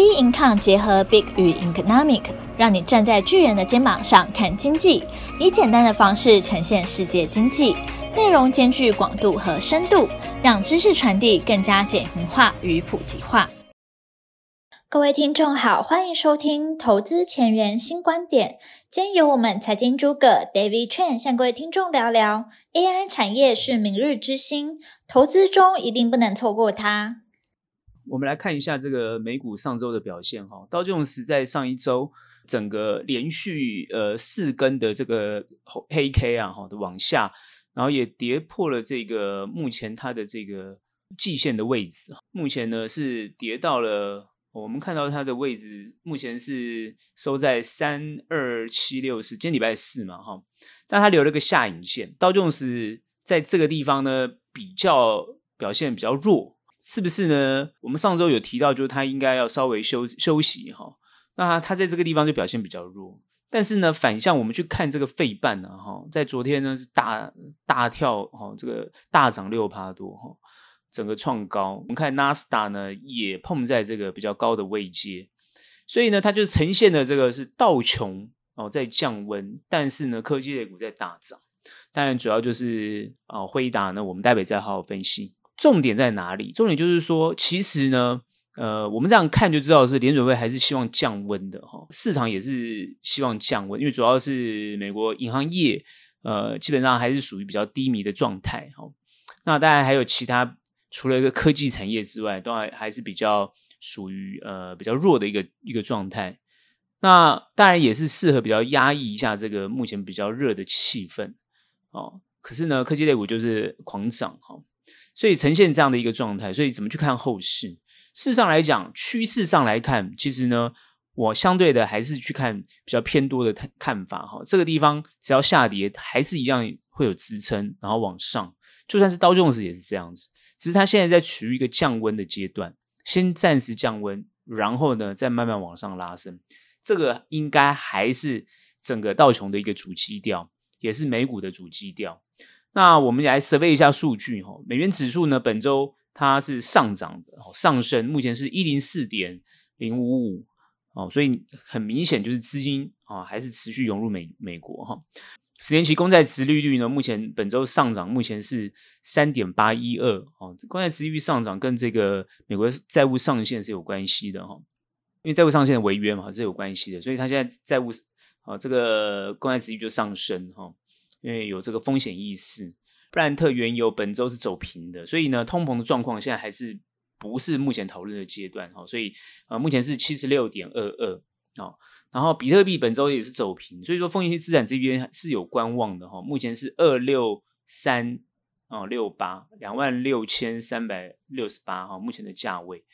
Big Income 結合 Big 與 Economics，讓你站在巨人的肩膀上看經濟，以簡單的方式呈現世界經濟，內容兼具廣度和深度，讓知識傳遞更加簡明化與普及化。各位聽眾好，歡迎收聽《投資前沿新觀點》，今天由我們財經諸葛 David Chen 向各位聽眾聊聊 AI 產業是明日之星，投資中一定不能錯過它。我們來看一下這個美股上周的表現哈，道瓊斯在上一周整個連續呃四根的這個黑 K 啊哈的往下，然後也跌破了這個目前它的這個季線的位置。目前呢是跌到了，我們看到它的位置目前是收在三二七六四，今天禮拜四嘛哈，但它留了個下影線。道瓊斯在這個地方呢比較表現比較弱。是不是呢？我們上週有提到，就是它應該要稍微休休息哈。那它在這個地方就表現比較弱。但是呢，反向我們去看這個費半呢、啊，哈，在昨天呢是大大跳哈，這個大漲六趴多哈，整個創高。我們看納斯達呢也碰在這個比較高的位階，所以呢，它就呈現的這個是道瓊哦在降溫，但是呢，科技類股在大漲。當然，主要就是哦輝達呢，我們待會再好好分析。重點在哪裡？重點就是說，其實呢，呃，我們這樣看就知道是聯準會還是希望降溫的哈。市場也是希望降溫，因為主要是美國銀行業，呃，基本上還是屬於比較低迷的狀態哈、哦。那當然還有其他，除了一個科技產業之外，都還還是比較屬於呃比較弱的一個一個狀態。那當然也是適合比較壓抑一下這個目前比較熱的氣氛哦。可是呢，科技類股就是狂漲哈。哦所以呈現這樣的一個狀態，所以怎麼去看後市？事實上來講，趨勢上來看，其實呢，我相對的還是去看比較偏多的看看法。哈，這個地方只要下跌，還是一樣會有支撐，然後往上，就算是道瓊斯也是這樣子。只是它現在在處於一個降溫的階段，先暫時降溫，然後呢再慢慢往上拉升。這個應該還是整個道瓊的一個主基調，也是美股的主基調。那我們來 survey 一下數據哈，美元指數呢，本周它是上漲的，上升，目前是一零四點零五五，所以很明顯就是資金啊還是持續湧入美美國哈，十年期公債殖利率呢，目前本周上漲，目前是三點八一二，公債殖利率上漲跟這個美國債務上限是有關係的哈，因為債務上限的違約嘛是有關係的，所以它現在債務啊，這個公債殖利率就上升哈。因為有這個風險意識，布蘭特原油本周是走平的，所以呢，通膨的狀況現在還是不是目前討論的階段哈、哦，所以，呃，目前是七十六點二二，然後比特幣本周也是走平，所以說風險性資產這邊是有觀望的哈、哦，目前是二六三啊六八兩萬六千三百六十八哈，目前的價位，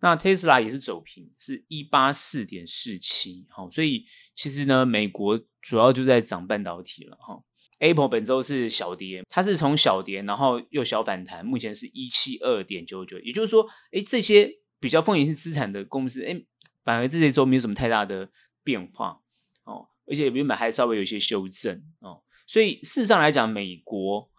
那特斯拉也是走平，是一八四點四七，所以其實呢，美國主要就在漲半導體了哈。哦 Apple 本週是小跌，它是從小跌，然後又小反彈，目前是一七二點九九，也就是說，哎，這些比較風險性資產的公司，哎，反而這些週沒有什麼太大的變化哦，而且原本還稍微有一些修正哦，所以事實上來講，美國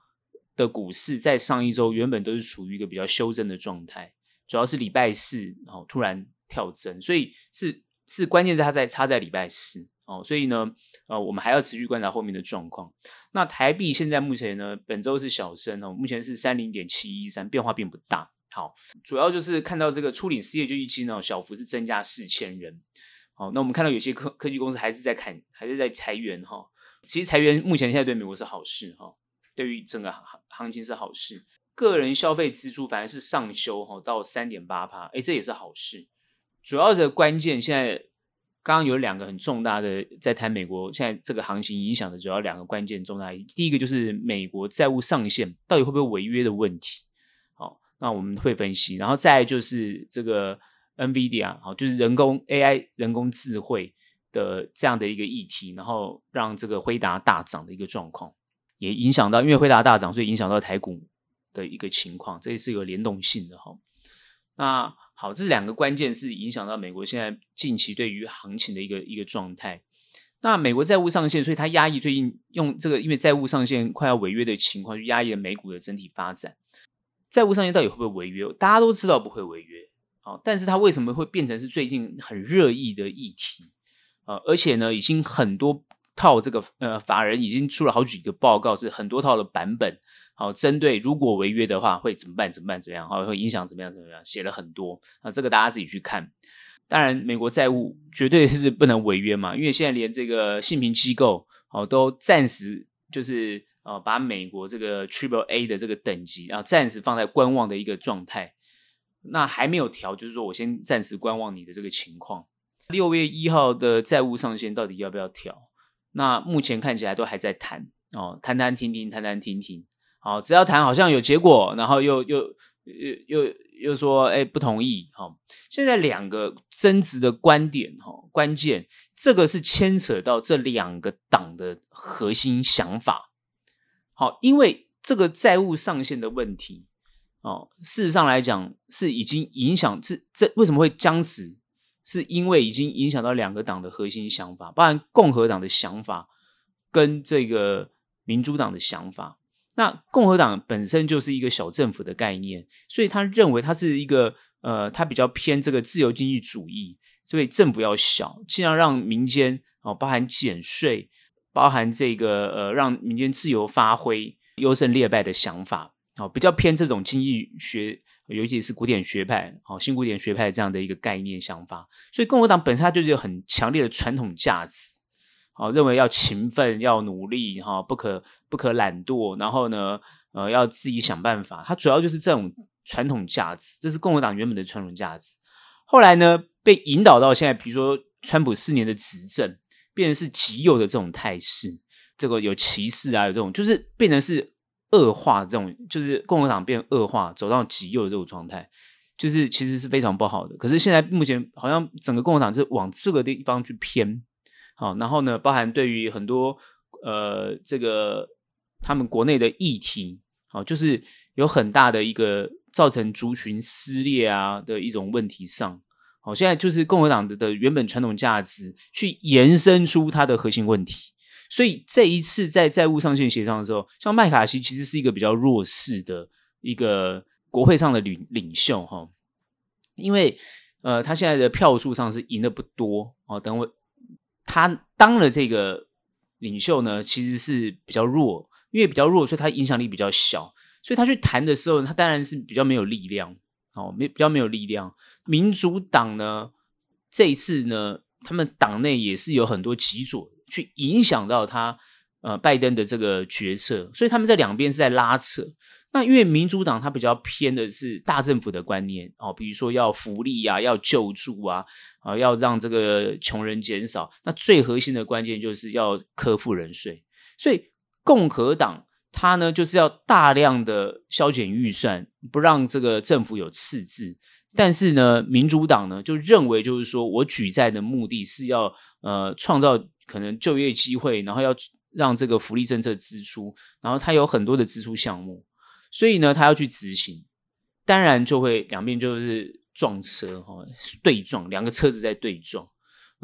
的股市在上一週原本都是處於一個比較修正的狀態，主要是禮拜四哦突然跳增，所以是是關鍵是它在它在禮拜四。哦，所以呢，呃，我們還要持續觀察後面的狀況。那台幣現在目前呢，本周是小升哦，目前是三零點七一三，變化並不大。好，主要就是看到這個初領失業救濟金小幅是增加四千人。好，那我們看到有些科科技公司還是在砍，還是在裁員哈、哦。其實裁員目前現在對美國是好事哈、哦，對於整個行行情是好事。個人消費支出反而是上修哈、哦，到三點八帕，哎，這也是好事。主要的關鍵現在。剛剛有兩個很重大的，在談美國現在這個行情影響的主要兩個關鍵重大，第一個就是美國債務上限到底會不會違約的問題，好，那我們會分析，然後再來就是這個 NVIDIA 好，就是人工 AI 人工智慧的這樣的一個議題，然後讓這個輝達大漲的一個狀況，也影響到，因為輝達大漲，所以影響到台股的一個情況，這也是有聯動性的哈，那。好，這是兩個關鍵，是影響到美國現在近期對於行情的一個一個狀態。那美國債務上限，所以它壓抑最近用這個，因為債務上限快要違約的情況，就壓抑了美股的整體發展。債務上限到底會不會違約？大家都知道不會違約，好，但是它為什麼會變成是最近很熱議的議題？啊、呃，而且呢，已經很多。套這個呃，法人已經出了好幾個報告，是很多套的版本。好、啊，針對如果違約的話會怎麼辦？怎麼辦？怎麼樣？好，會影響怎麼樣？怎麼樣？寫了很多啊，這個大家自己去看。當然，美國債務絕對是不能違約嘛，因為現在連這個信評機構哦、啊、都暫時就是呃、啊、把美國這個 Triple A 的這個等級啊暫時放在觀望的一個狀態。那還沒有調，就是說我先暫時觀望你的這個情況。六月一號的債務上限到底要不要調？那目前看起來都還在談哦，談談停停，談談停停。好、哦，只要談好像有結果，然後又又又又又說，哎、欸，不同意。哈、哦，現在兩個爭執的觀點，哈、哦，關鍵這個是牽扯到這兩個黨的核心想法。好、哦，因為這個債務上限的問題，哦，事實上來講是已經影響，是這為什麼會僵持？是因為已經影響到兩個黨的核心想法，包含共和黨的想法跟這個民主黨的想法，那共和黨本身就是一個小政府的概念，所以他認為他是一個呃，他比較偏這個自由經濟主義，所以政府要小，儘量讓民間哦、呃，包含減稅，包含這個呃，讓民間自由發揮優勝劣敗的想法哦、呃，比較偏這種經濟學。尤其是古典學派、好、哦、新古典學派這樣的一個概念、想法，所以共和黨本身它就是有很強烈的傳統價值，好、哦、認為要勤奮、要努力，哈、哦，不可不可懶惰，然後呢，呃，要自己想辦法。它主要就是這種傳統價值，這是共和黨原本的傳統價值。後來呢，被引導到現在，比如說川普四年的執政，變成是極右的這種態勢，這個有歧視啊，有這種，就是變成是。惡化，這種就是共和黨變惡化，走到極右的這種狀態，就是其實是非常不好的。可是現在目前好像整個共和黨是往這個地方去偏，好，然後呢，包含對於很多呃這個他們國內的議題，好，就是有很大的一個造成族群撕裂啊的一種問題上，好，現在就是共和黨的的原本傳統價值去延伸出它的核心問題。所以這一次在債務上限協商的時候，像麥卡錫其實是一個比較弱勢的一個國會上的領領袖哈、哦，因為呃他現在的票數上是贏的不多哦。等會他當了這個領袖呢，其實是比較弱，因為比較弱，所以他影響力比較小，所以他去談的時候，他當然是比較沒有力量哦，沒比較沒有力量。民主黨呢，這一次呢，他們黨內也是有很多極左。去影響到他，呃，拜登的這個決策，所以他們在兩邊是在拉扯。那因為民主黨他比較偏的是大政府的觀念哦，比如說要福利啊，要救助啊，啊、呃，要讓這個窮人減少。那最核心的關鍵就是要課富人稅。所以共和黨他呢就是要大量的削減預算，不讓這個政府有赤字。但是呢，民主黨呢就認為就是說我舉債的目的是要呃創造。可能就業機會，然後要讓這個福利政策支出，然後他有很多的支出項目，所以呢，他要去執行，當然就會兩邊就是撞車哈，對撞，兩個車子在對撞，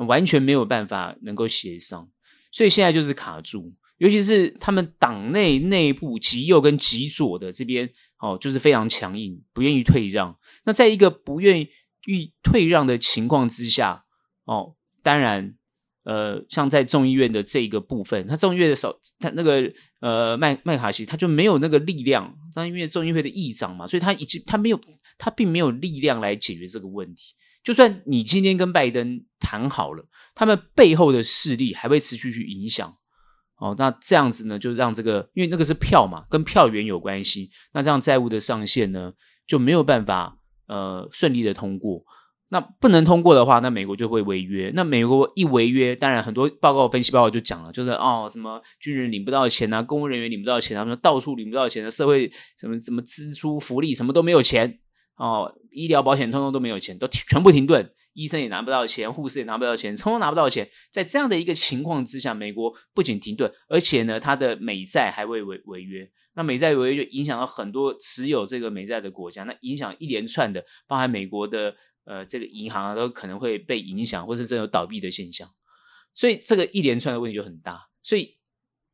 完全沒有辦法能夠協商，所以現在就是卡住，尤其是他們黨內內部極右跟極左的這邊哦，就是非常強硬，不願意退讓。那在一個不願意退讓的情況之下哦，當然。呃，像在眾議院的這個部分，他眾議院的首，他那個呃麥麥卡錫他就沒有那個力量，他因為眾議會的議長嘛，所以他已經他沒有他並沒有力量來解決這個問題。就算你今天跟拜登談好了，他們背後的勢力還會持續去影響。哦，那這樣子呢，就讓這個因為那個是票嘛，跟票源有關係，那這樣債務的上限呢就沒有辦法呃順利的通過。那不能通過的話，那美國就會違約。那美國一違約，當然很多報告、分析報告就講了，就是哦，什麼軍人領不到錢啊，公務人員領不到錢、啊，他們到處領不到錢的、啊、社會，什麼什麼支出、福利什麼都沒有錢哦，醫療保險通通都沒有錢，都全部停頓，醫生也拿不到錢，護士也拿不到錢，通通拿不到錢。在這樣的一個情況之下，美國不僅停頓，而且呢，他的美債還會違違約。那美債違約就影響到很多持有這個美債的國家，那影響一連串的，包含美國的。呃，這個銀行啊，都可能會被影響，或是真有倒閉的現象，所以這個一連串的問題就很大。所以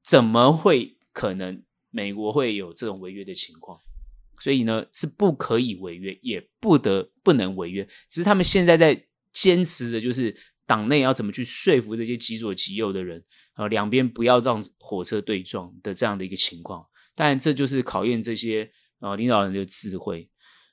怎麼會可能美國會有這種違約的情況？所以呢，是不可以違約，也不得不能違約。只是他們現在在堅持的就是黨內要怎麼去說服這些極左極右的人啊，兩邊不要讓火車對撞的這樣的一個情況。當然，這就是考驗這些啊領導人的智慧。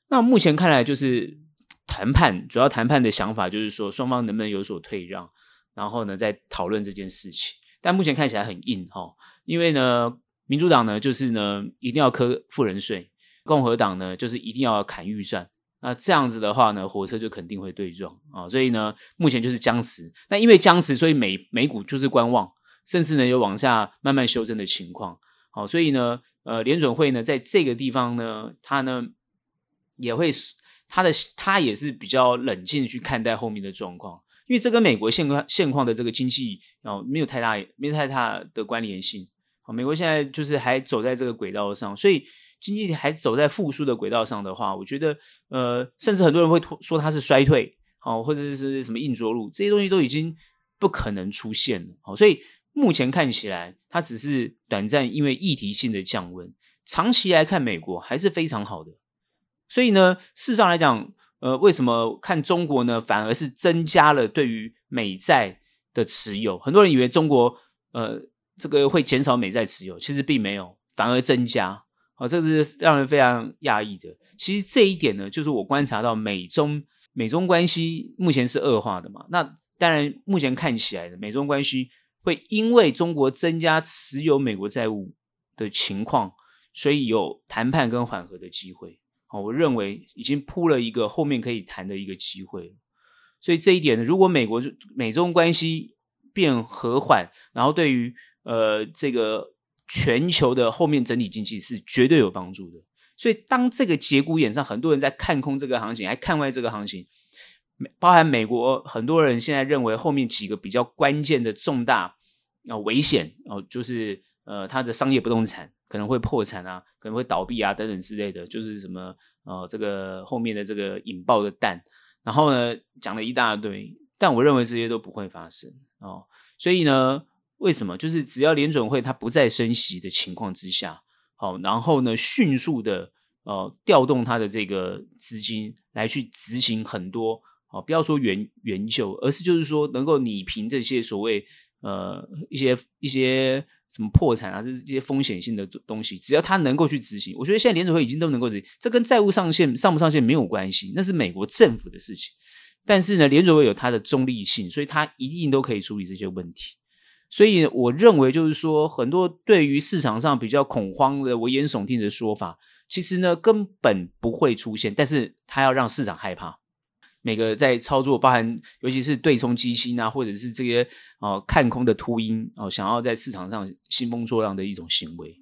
那目前看來就是。談判主要談判的想法就是說，雙方能不能有所退讓，然後呢再討論這件事情。但目前看起來很硬哈、哦，因為呢民主黨呢就是呢一定要課富人稅，共和黨呢就是一定要砍預算。那這樣子的話呢，火車就肯定會對撞啊、哦，所以呢目前就是僵持。那因為僵持，所以美美股就是觀望，甚至呢有往下慢慢修正的情況。好、哦，所以呢呃聯準會呢在這個地方呢，它呢也會。他的他也是比較冷靜去看待後面的狀況，因為這跟美國現況現況的這個經濟哦沒有太大、沒有太大的關聯性。好，美國現在就是還走在這個軌道上，所以經濟還走在復甦的軌道上的話，我覺得呃，甚至很多人會說它是衰退，好，或者是什麼硬着陸這些東西都已經不可能出現了。好，所以目前看起來，它只是短暫因為議題性的降溫，長期來看，美國還是非常好的。所以呢，事實上來講，呃，為什麼看中國呢？反而是增加了對於美債的持有。很多人以為中國，呃，這個會減少美債持有，其實並沒有，反而增加。好，哦，這是讓人非常訝異的。其實這一點呢，就是我觀察到美中美中關係目前是惡化的嘛。那當然，目前看起來的美中關係會因為中國增加持有美國債務的情況，所以有談判跟緩和的機會。哦，我認為已經鋪了一個後面可以談的一個機會，所以這一點呢，如果美國就美中關係變和緩，然後對於呃這個全球的後面整體經濟是絕對有幫助的。所以當這個節骨眼上，很多人在看空這個行情，還看壞這個行情，美包含美國很多人現在認為後面幾個比較關鍵的重大啊、呃、危險哦、呃，就是呃它的商業不動產。可能會破產啊，可能會倒閉啊，等等之類的，就是什麼，呃，這個後面的這個引爆的彈，然後呢，講了一大堆，但我認為這些都不會發生哦、呃。所以呢，為什麼？就是只要聯準會它不再升息的情況之下，好、呃，然後呢迅速的哦、呃，調動它的這個資金來去執行很多，哦、呃，不要說援援救，而是就是說能夠擬平這些所謂。呃，一些一些什麼破產啊，這一些風險性的東西。只要他能夠去執行，我覺得現在聯準會已經都能夠執行。這跟債務上限上不上限沒有關係，那是美國政府的事情。但是呢，聯準會有它的中立性，所以他一定都可以處理這些問題。所以我認為，就是說，很多對於市場上比較恐慌的、危言聳聽的說法，其實呢根本不會出現。但是，他要讓市場害怕。每個在操作，包含尤其是對沖基金啊，或者是這些、呃、看空的禿鷹哦，想要在市場上興風作浪的一種行為。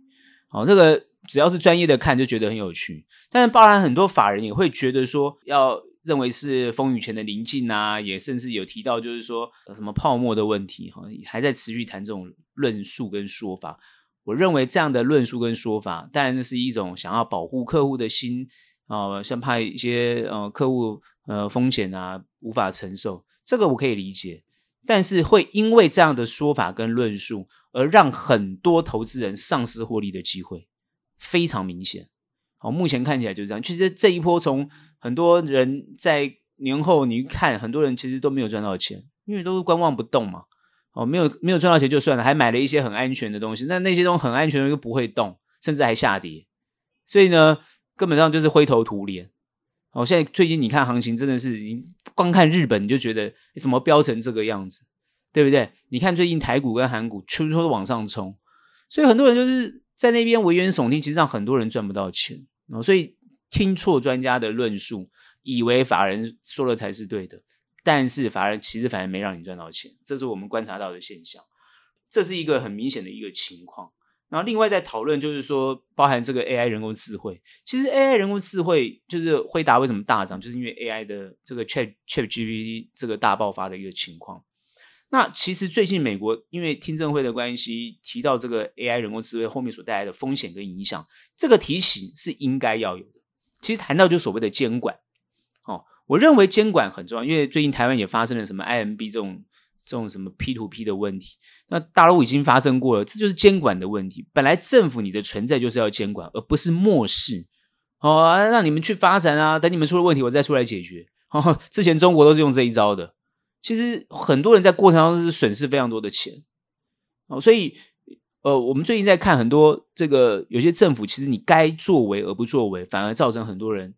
哦、呃，這個只要是專業的看就覺得很有趣，但是包含很多法人也會覺得說，要認為是風雨前的寧靜啊，也甚至有提到就是說、呃、什麼泡沫的問題，哈、呃，還在持續談這種論述跟說法。我認為這樣的論述跟說法，當然是一種想要保護客戶的心啊、呃，像怕一些呃客戶。呃，風險啊，無法承受，這個我可以理解，但是會因為這樣的說法跟論述而讓很多投資人喪失獲利的機會，非常明顯。好，哦，目前看起來就是這樣。其實這一波從很多人在年後你一看，很多人其實都沒有賺到錢，因為都是觀望不動嘛。哦，沒有沒有賺到錢就算了，還買了一些很安全的東西，那那些東西很安全的又不會動，甚至還下跌，所以呢，根本上就是灰頭土臉。我現在最近你看行情真的是，你光看日本你就覺得怎麼飆成這個樣子，對不對？你看最近台股跟韓股嗖嗖的往上衝，所以很多人就是在那邊危言聳聽，其實讓很多人賺不到錢。所以聽錯專家的論述，以為法人說的才是對的，但是法人其實反而沒讓你賺到錢，這是我們觀察到的現象，這是一個很明顯的一個情況。然後另外在討論就是說，包含這個 AI 人工智慧，其實 AI 人工智慧就是回答為什麼大漲，就是因為 AI 的這個 Chat ChatGPT 這個大爆發的一個情況。那其實最近美國因為聽證會的關係，提到這個 AI 人工智慧後面所帶來的風險跟影響，這個提醒是應該要有的。其實談到就所謂的監管，哦，我認為監管很重要，因為最近台灣也發生了什麼 IMB 這種。這種什麼 P to P 的問題，那大陸已經發生過了，這就是監管的問題。本來政府你的存在就是要監管，而不是漠視啊，哦，讓你們去發展啊，等你們出了問題我再出來解決，哦。之前中國都是用這一招的，其實很多人在過程中是損失非常多的錢哦。所以呃，我們最近在看很多這個有些政府，其實你該作為而不作為，反而造成很多人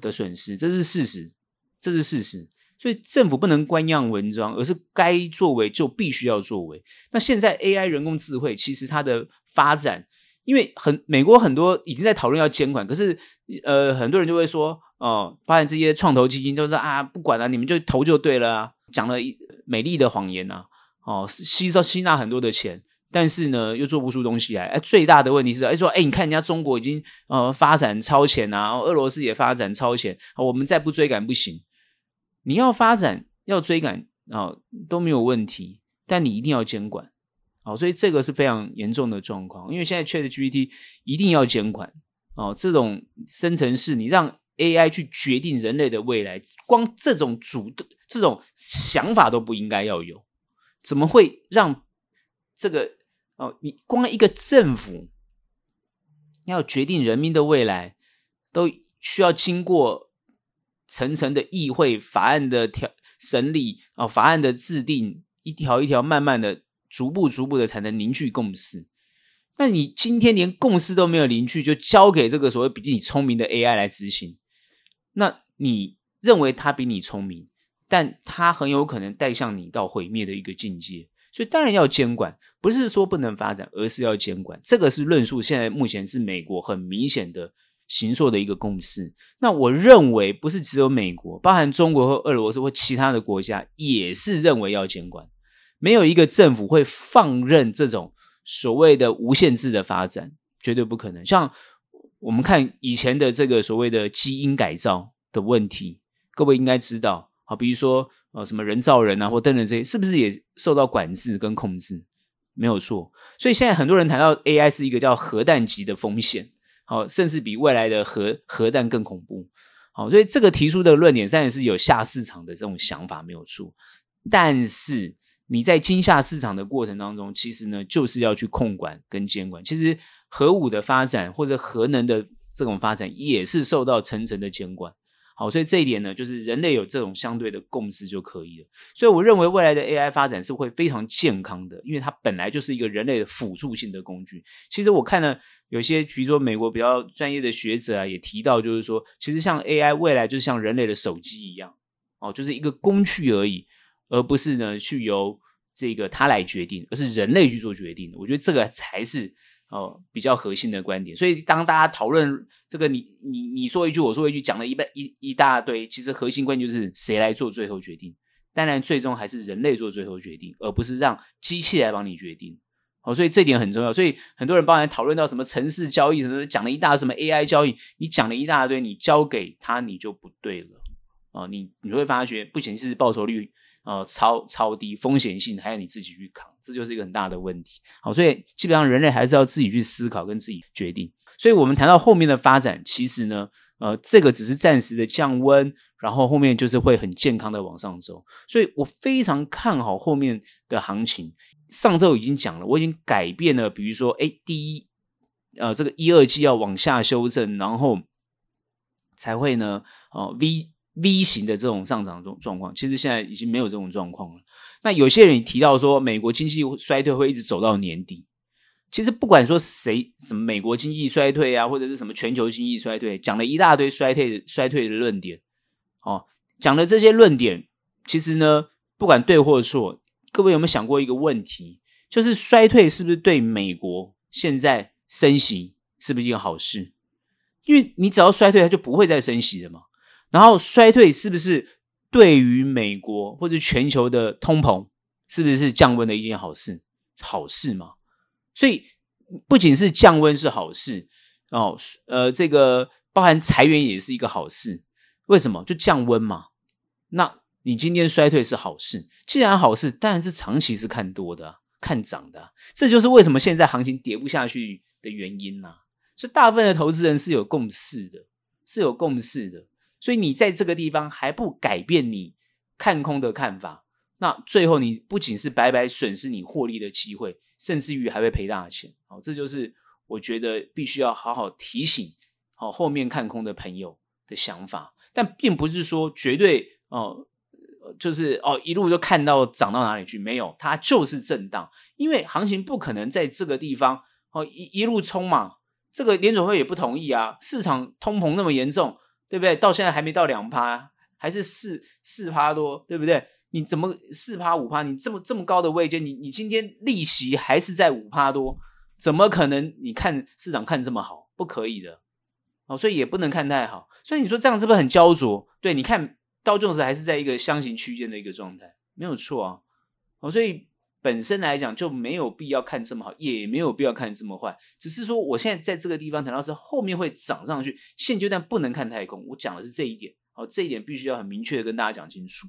的損失，這是事實，這是事實。所以政府不能官樣文章，而是該作為就必須要作為。那現在 AI 人工智慧，其實它的發展，因為很，美國很多已經在討論要監管，可是呃很多人就會說哦、呃，發現這些創投基金都是啊不管了、啊，你們就投就對了啊，講了一美麗的謊言吶、啊、哦、呃，吸收吸納很多的錢，但是呢又做不出東西來。哎，最大的問題是哎說哎你看人家中國已經呃發展超前啊、哦，俄羅斯也發展超前，哦、我們再不追趕不行。你要發展，要追趕啊、哦、都沒有問題，但你一定要監管，好、哦，所以這個是非常嚴重的狀況。因為現在 ChatGPT 一定要監管啊、哦，這種深層式，你讓 AI 去決定人類的未來，光這種主的這種想法都不應該要有，怎麼會讓這個哦？你光一個政府要決定人民的未來，都需要經過。層層的議會法案的條審理啊，哦，法案的制定一條一條慢慢的，逐步逐步的才能凝聚共識。那你今天連共識都沒有凝聚，就交給這個所謂比你聰明的 AI 來執行，那你認為他比你聰明，但他很有可能帶向你到毀滅的一個境界。所以當然要監管，不是說不能發展，而是要監管。這個是論述，現在目前是美國很明顯的。行碩的一個共識，那我認為不是只有美國，包含中國和俄羅斯或其他的國家，也是認為要監管。沒有一個政府會放任這種所謂的無限制的發展，絕對不可能。像我們看以前的這個所謂的基因改造的問題，各位應該知道，好，比如說呃什麼人造人啊或等等這些，是不是也受到管制跟控制？沒有錯。所以現在很多人談到 AI 是一個叫核彈級的風險。好、哦，甚至比未來的核核彈更恐怖。好、哦，所以這個提出的論點，當然是有嚇市場的這種想法沒有錯。但是你在驚嚇市場的過程當中，其實呢，就是要去控管跟監管。其實核武的發展或者核能的這種發展，也是受到層層的監管。好，所以這一點呢，就是人類有這種相對的共識就可以了。所以我認為未來的 AI 發展是會非常健康的，因為它本來就是一個人類的輔助性的工具。其實我看了有些，比如說美國比較專業的學者啊，也提到就是說，其實像 AI 未來就是像人類的手機一樣，哦，就是一個工具而已，而不是呢去由這個它來決定，而是人類去做決定的。我覺得這個才是。哦，比較核心的觀點，所以當大家討論這個你，你你你說一句，我說一句，講了一半一一大堆，其實核心觀點就是誰來做最後決定？當然，最終還是人類做最後決定，而不是讓機器來幫你決定。哦，所以這點很重要。所以很多人包含討論到什麼程式交易，什麼講了一大什麼 AI 交易，你講了一大堆，你交給他你就不對了。啊、哦，你你會發覺，不僅是報酬率，呃，超超低，風險性還要你自己去扛，這就是一個很大的問題。好，所以基本上人類還是要自己去思考跟自己決定。所以我們談到後面的發展，其實呢，呃，這個只是暫時的降溫，然後後面就是會很健康的往上走。所以我非常看好後面的行情。上周已經講了，我已經改變了，比如說，哎，第一，呃，這個一二季要往下修正，然後才會呢，啊、呃、V V 型的這種上漲狀狀況，其實現在已經沒有這種狀況了。那有些人提到說，美國經濟衰退會一直走到年底。其實不管說誰什麼美國經濟衰退啊，或者是什麼全球經濟衰退，講了一大堆衰退的衰退的論點。哦，講的這些論點，其實呢，不管對或錯，各位有沒有想過一個問題？就是衰退是不是對美國現在升息是不是一個好事？因為你只要衰退，它就不會再升息了嘛。然後衰退是不是對於美國或者全球的通膨，是不是降溫的一件好事？好事嘛，所以不僅是降溫是好事哦，呃，這個包含裁員也是一個好事。為什麼？就降溫嘛。那你今天衰退是好事，既然好事，當然是長期是看多的啊，看漲的啊。這就是為什麼現在行情跌不下去的原因吶啊。所以大部分的投資人是有共識的，是有共識的。所以你在這個地方還不改變你看空的看法，那最後你不僅是白白損失你獲利的機會，甚至於還會賠大錢。哦，這就是我覺得必須要好好提醒哦，後面看空的朋友的想法。但並不是說絕對哦、呃，就是哦一路就看到漲到哪裡去沒有，它就是震盪，因為行情不可能在這個地方哦一一路衝嘛。這個聯準會也不同意啊，市場通膨那麼嚴重，對不對？到現在還沒到兩趴，還是四四趴多，對不對？你怎麼四趴五趴？你這麼這麼高的位置，你你今天利息還是在五趴多，怎麼可能？你看市場看這麼好，不可以的哦，所以也不能看太好。所以你說這樣是不是很膠著？對，你看到這樣子還是在一個箱形區間的一個狀態，沒有錯啊。哦，所以。本身來講就沒有必要看這麼好，也沒有必要看這麼壞，只是說我現在在這個地方談到是後面會漲上去，現階段不能看太空。我講的是這一點，哦，這一點必須要很明確的跟大家講清楚，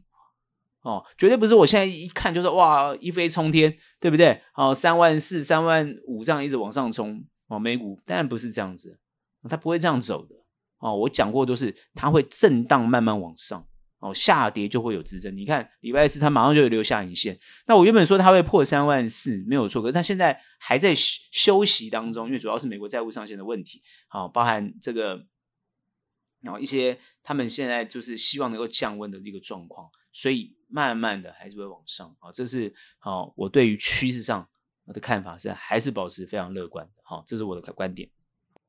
哦，絕對不是我現在一看就是哇一飛衝天，對不對？哦，三萬四、三萬五這樣一直往上衝，哦，美股當然不是這樣子，它不會這樣走的，哦，我講過都是它會震盪慢慢往上。哦，下跌就會有支撐。你看禮拜四它馬上就會留下影線。那我原本說它會破三萬四，沒有錯。可是它現在還在休息當中，因為主要是美國債務上限的問題，好、哦，包含這個，然後、哦、一些他們現在就是希望能夠降溫的這個狀況，所以慢慢的還是會往上。好、哦，這是好、哦，我對於趨勢上的看法是還是保持非常樂觀的。好、哦，這是我的觀點。